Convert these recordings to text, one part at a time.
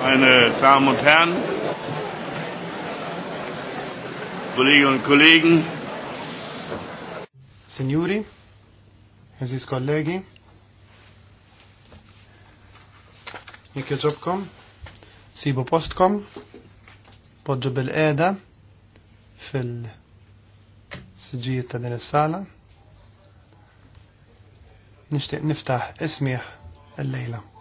Meine Damen und Herren, Kolleginnen und Kollegen, Signori, Eżis kollegi, jekk Jobkom, Sibo postkom, Poggio Bel-Eda, fil-sġijiet ta' din is-sala. Nixtieq niftaħ ismih il-lejla. il-lejla.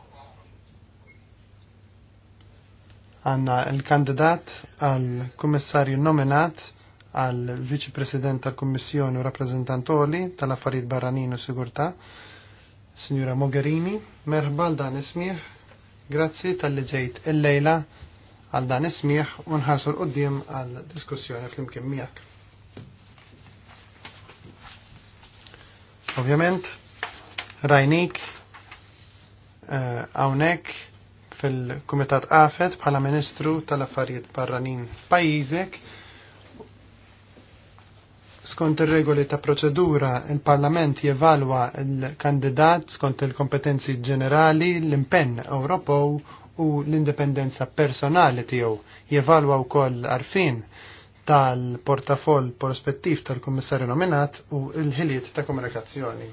Għanna il-kandidat għal kommissarju nominat għal-Viċi President tal-Kummissjoni u Rappresentantoli tal-Affarijiet Barranin u Sigurtà, Signora Mogherini, merħba għal dan ismiħ, grazzi tal liġejt ġejt il-lejla għal dan ismiħ u nħarsu l-qoddim għal diskussjoni fl-imkien miegħek. Ovvjament, rajnik, għawnek, eh, uh, fil-Kumitat Afet bħala Ministru tal-Affarijiet Barranin f'pajjiżek. Skont ir-regoli ta' proċedura, il-Parlament jevalwa l-kandidat skont il-kompetenzi ġenerali, l-impenn Ewropew u l-indipendenza personali tiegħu. Jevalwa wkoll arfin tal-portafoll prospettiv tal-Kummissarju nominat u l-ħiliet ta' komunikazzjoni.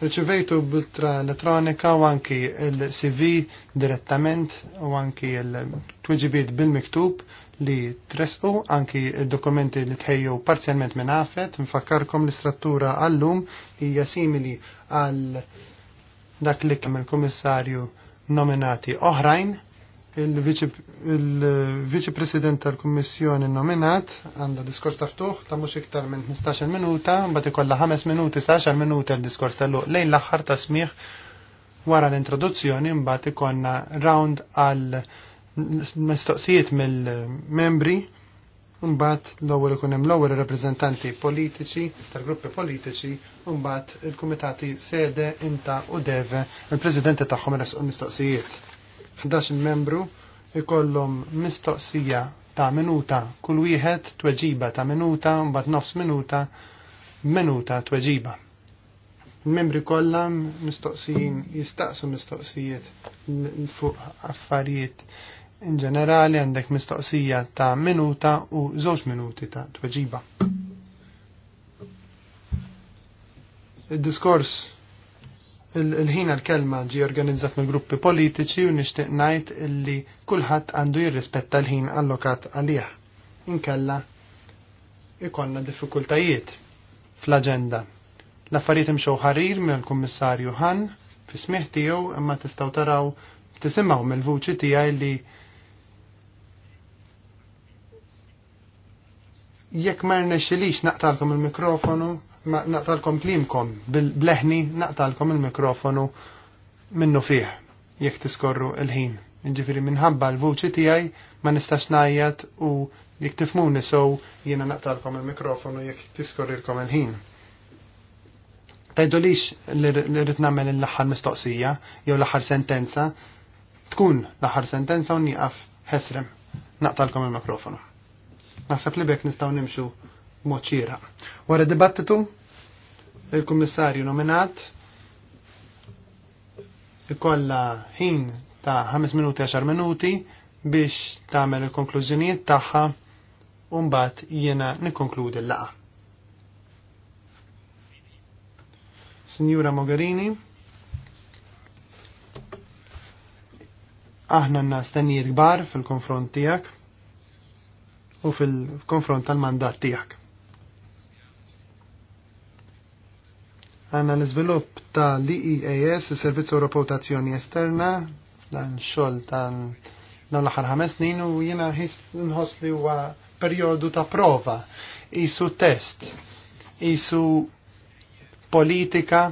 Riċivejtu bitra elettronika u anki l-CV direttament u anki l-tweġibiet bil-miktub li tresqu anki dokumenti li tħejju parzjalment minn għafet, nfakkarkom l istrattura għallum hija simili għal dak li kemm il-kummissarju nominati oħrajn il-Viċi President tal-Kummissjoni nominat għandha diskors taftuħ ta' mhux iktar minn 15 minuta, mbagħad ikollha 5 minuti sa 10 minuti l-diskors tal-luq lejn l-aħħar ta' smih wara l-introduzzjoni mbagħad ikollna round għal mistoqsijiet mill-membri Mbagħad l-ewwel ikun hemm l-ewwel rappreżentanti politiċi tal-gruppi politiċi u mbagħad il-kumitati sede inta u deve il-presidenti tagħhom resqu mistoqsijiet. 11 membru ikollhom mistoqsija ta' minuta, kull wieħed tweġiba ta' minuta, mbagħad nofs minuta, minuta tweġiba. Il-membri kollha mistoqsijin jistaqsu mistoqsijiet fuq affarijiet in ġenerali għandek mistoqsija ta' minuta u żewġ minuti ta' tweġiba. Id-diskors il-ħin l kelma ġi organizzat mill gruppi politiċi u nixtieq ngħid illi kulħadd għandu jirrispetta l-ħin allokat għalih. Inkella ikollna diffikultajiet fl-aġenda. L-affarijiet imxew ħarir mill-Kummissarju Han fi smieħ tiegħu imma tistgħu taraw tisimgħu mill-vuċi tiegħi li jekk ma rnexxilix naqtalkom il-mikrofonu naqtalkom klimkom bil-bleħni naqtalkom il-mikrofonu minnu fih jekk tiskorru il-ħin. Ġifiri minħabba l-vuċi tijaj ma nistax najjat u jekk tifmuni sow jiena naqtalkom il-mikrofonu jekk tiskorrilkom il-ħin. lix li rrit l laħar mistoqsija jew l laħar sentenza, tkun l laħar sentenza u nieqaf ħesrem. Naqtalkom il-mikrofonu. Naħseb li bek nistaw nimxu moċira. Wara dibattitu, il-kummissarju nominat ikolla ħin ta' 5 minuti 10 minuti biex tagħmel il-konklużjonijiet tagħha u mbagħad jiena nikkonkludi l-laqa. Signora Mogherini, aħna għanna stennijiet kbar fil-konfront tijak u fil-konfront tal-mandat tijak. Għanna l izvilup e e ta' l-EEAS, il-Servizz Reputazzjoni Esterna, dan xogħol dan l-aħħar ħames snin u jiena nħoss li huwa perjodu ta' prova, isu test, isu politika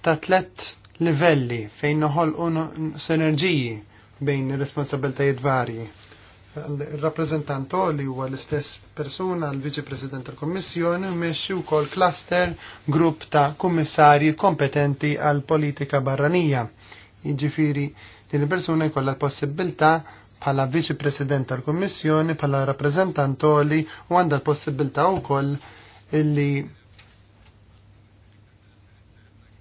ta' tlet livelli fejn noħolqu sinerġiji bejn ir-responsabiltajiet varji il-rappresentanto li huwa l-istess persuna l-Viċi President tal-Kommissjoni u wkoll cluster grupp ta' kummissarji kompetenti għal politika barranija. Jiġifieri din il-persuna jkollha l-possibilità bħala Viċi President tal-Kommissjoni bħala rappresentanto li u għandha l-possibilità wkoll illi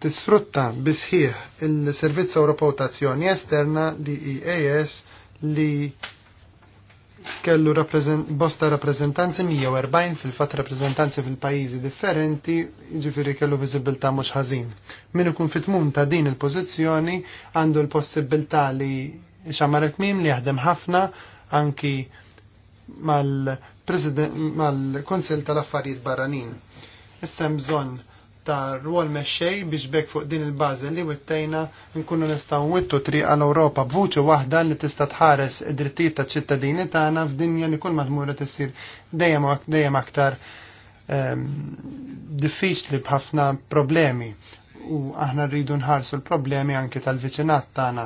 tisfrutta bisħiħ il-Servizz Ewropew ta' Azzjoni Esterna li EAS li kellu bosta rappresentanzi 140 fil-fat rappresentanzi fil-pajizi differenti, ġifiri kellu vizibilta mux ħazin. Minu kun fitmun ta' din il-pozizjoni għandu l-possibilta li xamar il-kmim li jaħdem ħafna anki mal-Konsil mal tal-Affarijiet Barranin. Issa bżonn ta' rwol meċċej biex bekk fuq din il-bażi li wittejna nkunu nistaw wittu tri għal europa b'vuċu waħda li tista' tħares id-drittijiet taċ-ċittadini tagħna f'dinja li kull ma tmur tissir dejjem dejjem aktar diffiċli b'ħafna problemi u aħna rridu nħarsu l-problemi anke tal-viċinat tagħna.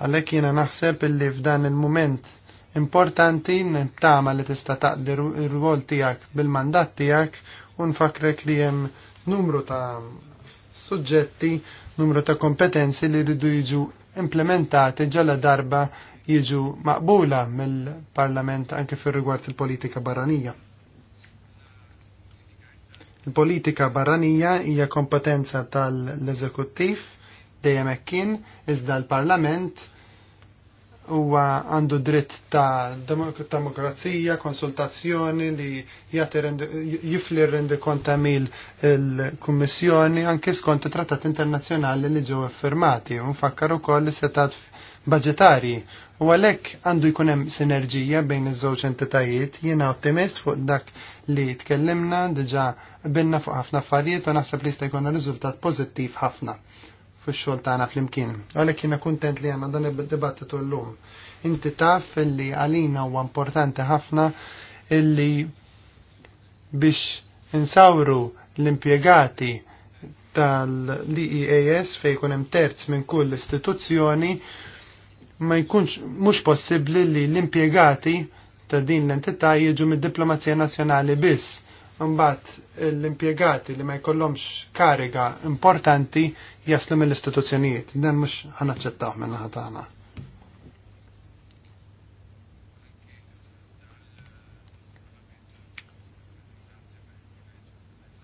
Għalhekk jiena naħseb illi f'dan il-mument importanti n-tama li tista' taqdi r-rwol tiegħek bil-mandat tiegħek u nfakrek li hemm numru ta' suġġetti, numru ta' kompetenzi li rridu jiġu implementati ġalla darba jiġu maqbula mill-Parlament anke fir rigward il-politika barranija. Il-politika barranija hija kompetenza tal-eżekuttiv dejjem kien iżda l-Parlament huwa għandu dritt ta' demokrazija, konsultazzjoni li jifli rendi konta mil il-Kummissjoni anke skont trattat internazzjonali li ġew firmati u nfakkar ukoll setat budgetari u għalhekk għandu jkun hemm sinerġija bejn iż-żewġ entitajiet jiena ottimist fuq dak li tkellimna diġà binna fuq ħafna affarijiet u naħseb li jista' jkun riżultat pożittiv ħafna fix-xogħol tagħna flimkien. Għalek jiena kuntent li għandna dan id-dibattitu llum. Inti taf li għalina huwa importanti ħafna illi biex insawru l-impjegati tal-DEAS e fej kun hemm terz minn kull istituzzjoni ma jkunx mhux possibbli li l-impjegati ta' din l-entità jiġu mid-diplomazija nazzjonali biss Mbagħad l-impjegati li ma jkollhomx kariga importanti jaslu mill-istituzzjonijiet. Dan mhux ħanaċċettaw minn naħa tagħna.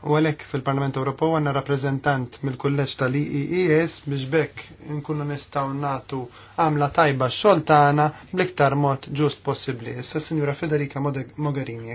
U għalhekk fil-Parlament Ewropew għandna rappreżentant mill-kulleġġ tal ies e biex bekk nkunu nistgħu nagħtu għamla tajba x-xogħol tagħna bl-iktar mod ġust possibbli. Issa Sinjura Federica Mogherini